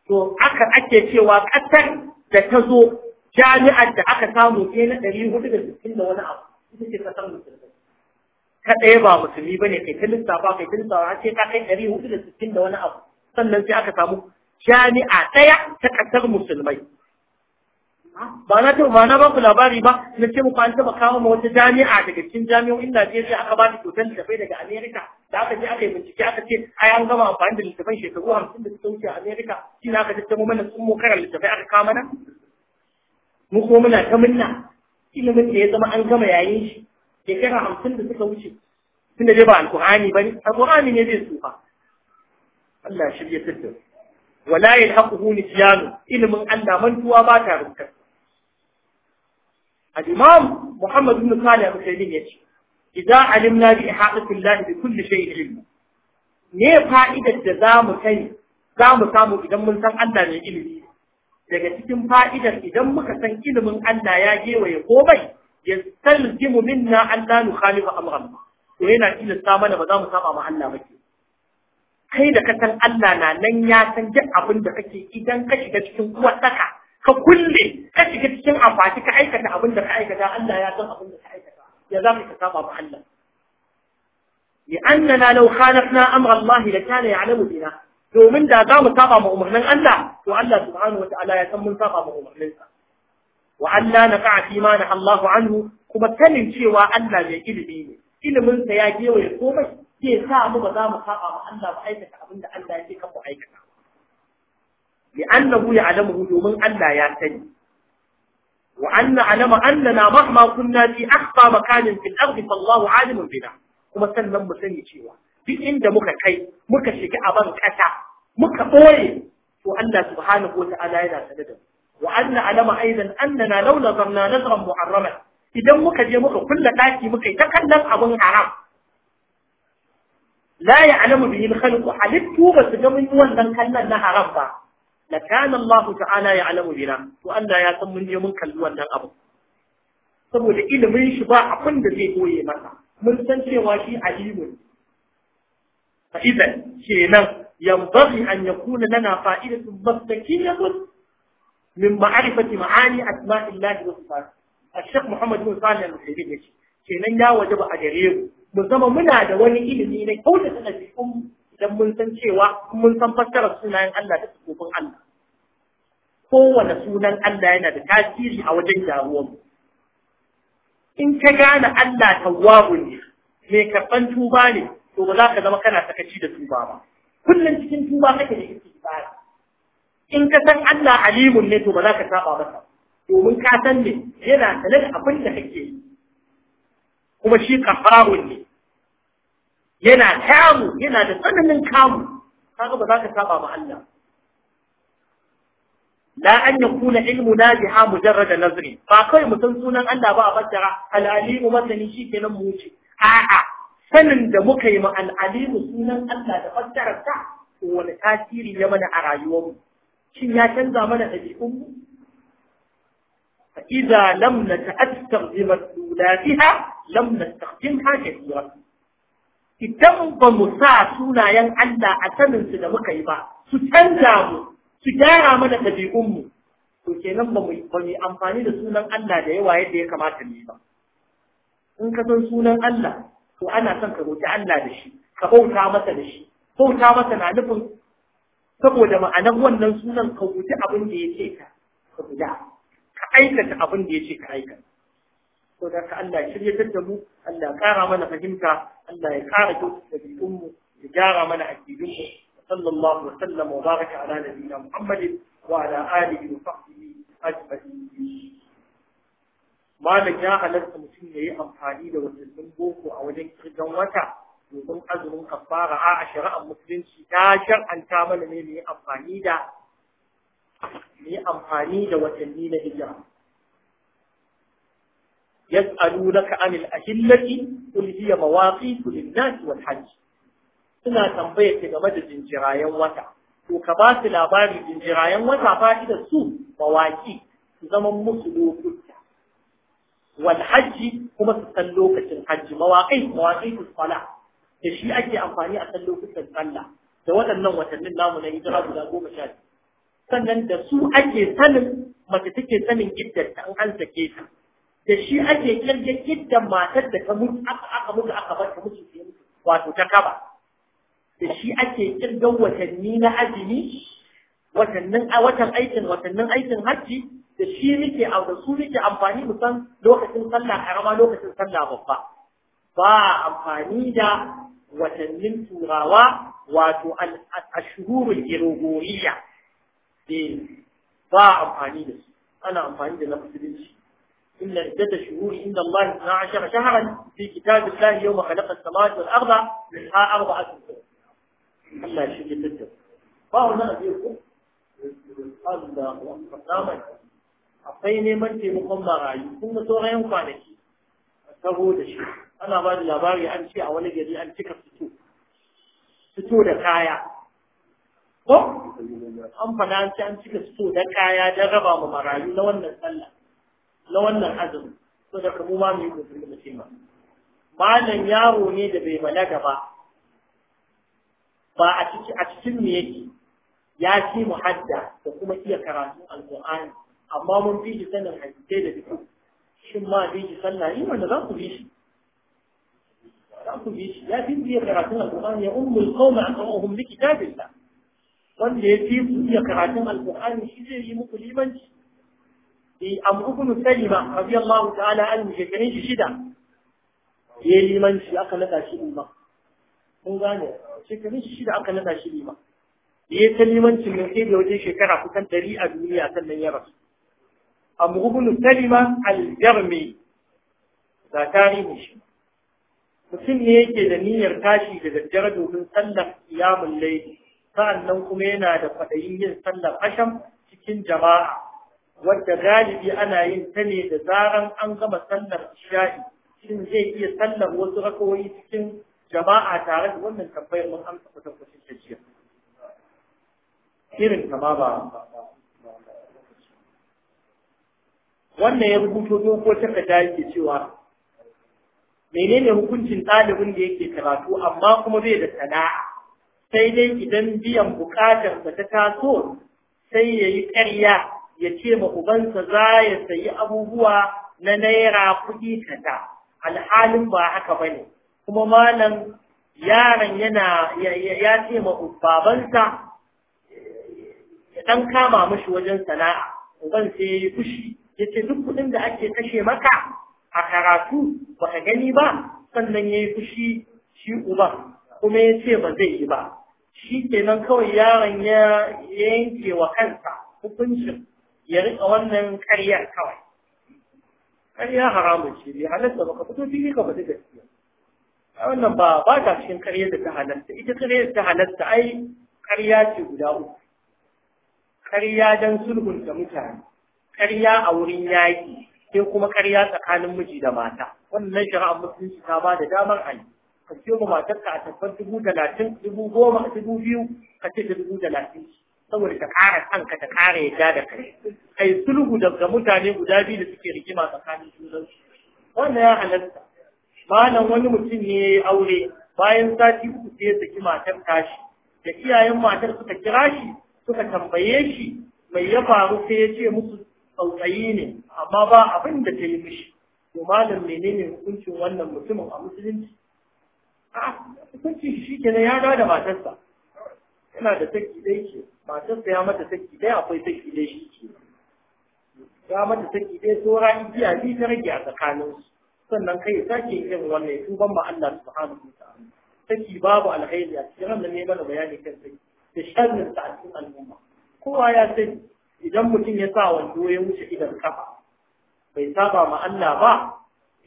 Speaker 1: to aka ake cewa ƙasar da ta zo jami'ar da aka samu ke na ɗari hudu da sittin da wani abu ita ce kasar musulmi ka ɗaya ba musulmi ba ne kai ta lissafa kai ta lissafa ba sai ka kai ɗari hudu da sittin da wani abu sannan sai aka samu jami'a ɗaya ta kasar musulmai ba na ce ba na ba ku labari ba na ce muku an taɓa kawo ma wata jami'a daga cikin jami'o'in Najeriya aka ba da kyautar littafai daga Amerika da aka je aka yi bincike aka ce ai an gama amfani da littafan shekaru hamsin da suka wuce a Amerika shi ne aka tattamo mana sun mu karar littafai aka kawo mana mu ko muna ta minna ilimin da ya zama an gama yayin shi shekara hamsin da suka wuce tunda dai ba alkur'ani ba ne alkur'ani ne zai tsufa Allah shirya tattau wala yalhaquhu nisyanu ilimin Allah mantuwa ba ta rubuta al-imam Muhammad ibn Salih al ya ce idza alimna bi ihaqati Allah bi kulli shay'in ne fa'idar da zamu kai zamu samu idan mun san Allah ne ilimi daga cikin fa'idar idan muka san ilimin Allah ya gewaye komai ya salzimu minna an la nukhalifa amran to yana tilasta mana ba za mu saba ma Allah ba kai da ka san Allah na nan ya san duk abin da kake idan ka shiga cikin kuwa saka ka kulle ka shiga cikin akwati ka aikata abin da ka aikata Allah ya san abin da ka aikata ya za ka saba ma Allah لأننا لو خالفنا أمر الله لكان يعلم بنا domin da za mu saba ma umarnin Allah to Allah subhanahu wataala ya san mun saba ma umarnin sa wa Allah na fi ma na Allahu anhu kuma sanin cewa Allah mai ilimi ne ilimin sa ya gewaye komai zai sa mu ba za mu saba ma Allah ba aikata abin da Allah ya ce ka aikata li annahu ya'lamu domin Allah ya sani wa anna alama annana mahma kunna fi akhfa makanin fil ardi fallahu alimun bina kuma sannan mu sani cewa duk inda muka kai muka shiga a ban kasa muka ɓoye, to Allah subhanahu wata'ala yana sanar da mu wa anna alama aidan annana laula zanna nazran muharraman idan muka je muka kulla daki muka yi ta kallon abun haram la ya'lamu bihi al-khalq halittu ba su ga mun wannan kallon na haram ba la kana Allah ta'ala ya'lamu bina to Allah ya san mun je mun kalli wannan abu saboda ilimin shi ba abin da zai koye masa mun san cewa shi alimu ne فإذا كينا ينبغي أن يكون لنا فائدة مستكية من معرفة معاني أسماء الله وصفاته الشيخ محمد بن صالح المسلمين يشي كينا يا وجب أجريه musamman muna da wani ilimi na kyautata ɗabi'un idan mun san cewa mun san fassarar sunayen Allah da sufofin Allah kowane sunan Allah yana da tasiri a wajen gyaruwar mu in ka gane Allah tawwabu ne mai karɓan tuba ne to ba za ka zama kana sakaci da tuba ba kullum cikin tuba kake da istighfari in ka san Allah alimun ne to ba za ka saba masa domin ka san ne yana sanar abin da kake yi kuma shi kafarun ne yana kamu yana da tsananin kamu kaga ba za ka saba ma Allah la an yakuna ilmuna biha mujarrada nazri ba kai mutum sunan Allah ba a fassara al-alimu masani shi kenan mu wuce a'a sanin da muka yi ma mu sunan Allah da fassararsa to wani tasiri ya mana a rayuwarmu shin ya canza mana ɗabi'unmu fa idza lam nata'astaghfir dulafiha lam nastaghfirha kathiran idan ba mu sa sunayen Allah a sanin su da muka yi ba su canza mu su gyara mana ɗabi'unmu to kenan ba mu yi amfani da sunan Allah da yawa yadda ya kamata ne ba in ka san sunan Allah to ana son ka roƙi Allah da shi ka bauta masa da shi bauta masa na nufin saboda ma'anar wannan sunan ka guji abin da ya ce ka ka guda ka aikata abin da ya ce ka aikata to da ka Allah shiryatar da mu Allah ƙara mana fahimta Allah ya ƙara kyautata dabi'un mu ya gyara mana addinin mu sallallahu wa sallam wa baraka ala nabiyina Muhammadin wa ala alihi wa sahbihi ajma'in malam ya halatta mutum ya yi amfani da watannin boko a wajen kirgan wata domin azumin kafara a shari'ar musulunci ta shar'anta mana ne mu yi amfani da mu yi amfani da watanni na hijira yas'alunaka anil ahillati qul hiya mawaqitu lin-nas wal hajj suna tambaya tambayar game da jinjirayen wata to ka ba su labarin jinjirayen wata fa'idar su mawaki su zaman musu lokaci. wal hajji kuma su san lokacin hajji mawaƙai mawaƙai da shi ake amfani a san lokacin sallah da waɗannan watannin namu na hijira guda goma sha sannan da su ake sanin mace take sanin iddarta in an sake da shi ake kirge iddan matar da ta mutu aka aka mutu aka mutu wato ta kaba da shi watanni na azumi a watannin aikin hajji da shi muke da su muke amfani mu san lokacin sallah karama lokacin sallah babba ba amfani da watannin turawa wato al-ashhurul irogoriya ba amfani da su ana amfani da na musulunci إن عدة شهور عند الله 12 شهرا في كتاب الله يوم خلق السماوات والأرض منها أربعة شهور الله يشفي الدم فهو نأتيكم الله أكبر akwai neman taimakon marayu kun ga saurayin kwanaki a taho da shi ana ba da labari an ce a wani gari an cika fito fito da kaya ko an fada an ce an cika fito da kaya don raba mu marayu na wannan sallah na wannan azumi so da kamu ma mu yi kokari mu ce ma malam yaro ne da bai balaga ba ba a cikin a cikin me yake ya ci muhadda da kuma iya karatun alqur'ani amma mun fi shi sanin hadisai da duka shin ma bi shi sallah yi wanda za ku bi shi za ku bi shi ya fi biya karatun alqur'ani ya ummul qawma an qawhum bi kitabillah wanda ya fi biya karatun alqur'ani shi zai yi muku limanci bi amrukun salima radiyallahu ta'ala anhu shekarun shi shida ya yi limanci aka nada shi imam kun gane shekarun shi shida aka nada shi imam ya yi ta limancin mai sai da wajen shekara kusan ɗari a duniya sannan ya rasu amru ibn salima al-jarmi da shi mutum ne yake da niyyar tashi da daddare domin sallar iyamun laifi, sa'an nan kuma yana da fadayin yin sallar asham cikin jama'a wadda galibi ana yin ta ne da zaran an gama sallar isha'i shin zai iya sallar wasu rakawoyi cikin jama'a tare da wannan tambayar mun amsa kusan kusan jiya irin kama ba wannan ya rubuto dokokin da yake cewa menene hukuncin ɗalibin da yake karatu amma kuma bai da sana'a sai dai idan biyan bukatar ta taso sai ya yi ƙarya ya ce ma ubansa za ya sayi abubuwa na naira kuɗi kaza alhalin ba haka ba ne kuma malam yaron yana ya ce ma babansa ya ɗan kama mashi wajen sana'a uban sai ya yi fushi yace duk kuɗin da ake kashe maka a karatu ba ka gani ba sannan ya yi fushi shi uba kuma ya ce ba zai yi ba shi kenan kawai yaron ya yanke wa kansa hukuncin ya riƙa wannan ƙaryar kawai ƙarya haramun ce bai halatta ba ka fito fili ka faɗi gaskiya wannan ba ba ta cikin karya da ta halatta ita da ta halatta ai ƙarya ce guda uku ƙarya don sulhunta mutane Karya a wurin yaƙi sai kuma karya tsakanin miji da mata wannan shari'ar musulunci ta ba da damar a yi ka ce ma matarka a tabbar dubu talatin dubu goma dubu biyu ka ce ta dubu talatin saboda ta ƙara kanka ta ƙara yadda da kai kai sulhu daga mutane guda biyu da suke rigima tsakanin junansu wannan ya halatta malam wani mutum ne ya aure bayan sati uku sai ya saki matar tashi da iyayen matar suka kira shi suka tambaye shi mai ya faru sai ya ce musu tsautsayi ne amma ba abin da ta yi mishi to malam menene hukuncin wannan mutumin a musulunci a hukuncin shi kenan ya da matarsa yana da saki dai ke matarsa ya mata saki dai akwai saki dai shi ke ya mata saki dai tsora igiya biyu ta rage a tsakaninsu sannan kai ya sake yin wannan ya tuban ma Allah hannu ta ta'ala saki babu alhaili a cikin ranar ne mana bayani kan saki da sharrin sa a cikin al'umma kowa ya sani idan mutum ya sa wando ya wuce idan kafa bai saba ma Allah ba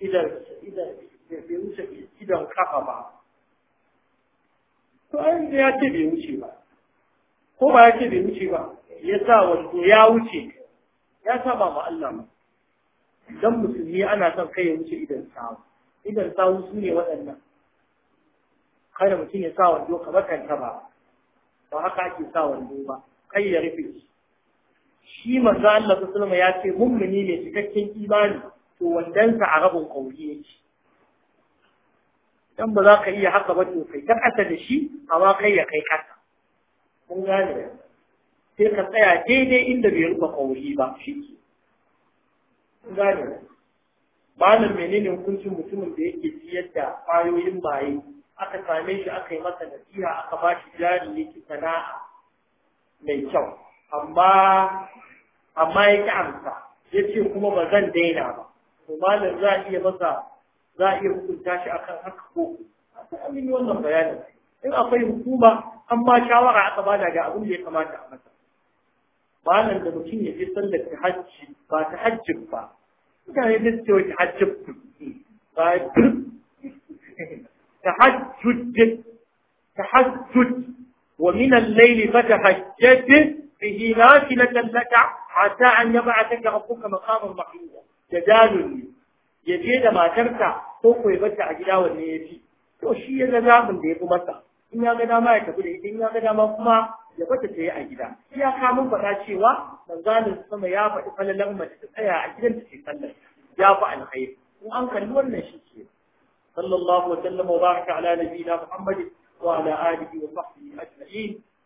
Speaker 1: idan idan bai wuce idan kafa ba to ai da ya ce bai wuce ba ko ba ya ce bai wuce ba ya sa wando ya wuce ya saba ma Allah ba dan musulmi ana son kai ya wuce idan sawu idan sawu su ne waɗannan kada mutum ya sa wando ka kanta ba ba haka ake sa wando ba kai ya rufe shi shi manzo Allah sallallahu ya ce mummuni ne cikakken imani to sa a rabin kauri yake dan ba za ka iya haka ba to kai ta kasa da shi amma kai ya kai kasa mun gane sai ka tsaya daidai inda bai rufe kauri ba shi mun gane malam menene hukuncin mutumin da yake siyar da kwayoyin baye aka same shi aka yi masa nasiha aka ba shi jari yake sana'a mai kyau amma amma ya ki amsa ya ce kuma ba zan daina ba to malam za iya masa za iya hukunta shi akan haka ko a cikin wannan bayanin in akwai hukuma amma shawara aka bada ga abin da ya kamata a masa malam da mutum ya je sallar ta hajji ba ta hajji ba mutane da ce wata hajji ba ta hajjud ta hajjud wa min al-layli fa tahajjat bihi A أن يبعثك ربك مقاما محمودا تجالني yaje da matarka ko ko ya a gida wanne ya fi to shi ya ga zaɓin da ya fi masa in ya ga dama ya tafi da ita in ya ga dama kuma ya bata ta yi a gida ya kamin faɗa cewa manzalin sama ya faɗi falalar mace ta tsaya a gidan ta ke sallar ya fi alkhairi in an kalli wannan shi ke sallallahu wa sallam wa baraka ala nabiyina muhammadin wa ala alihi wa sahbihi ajma'in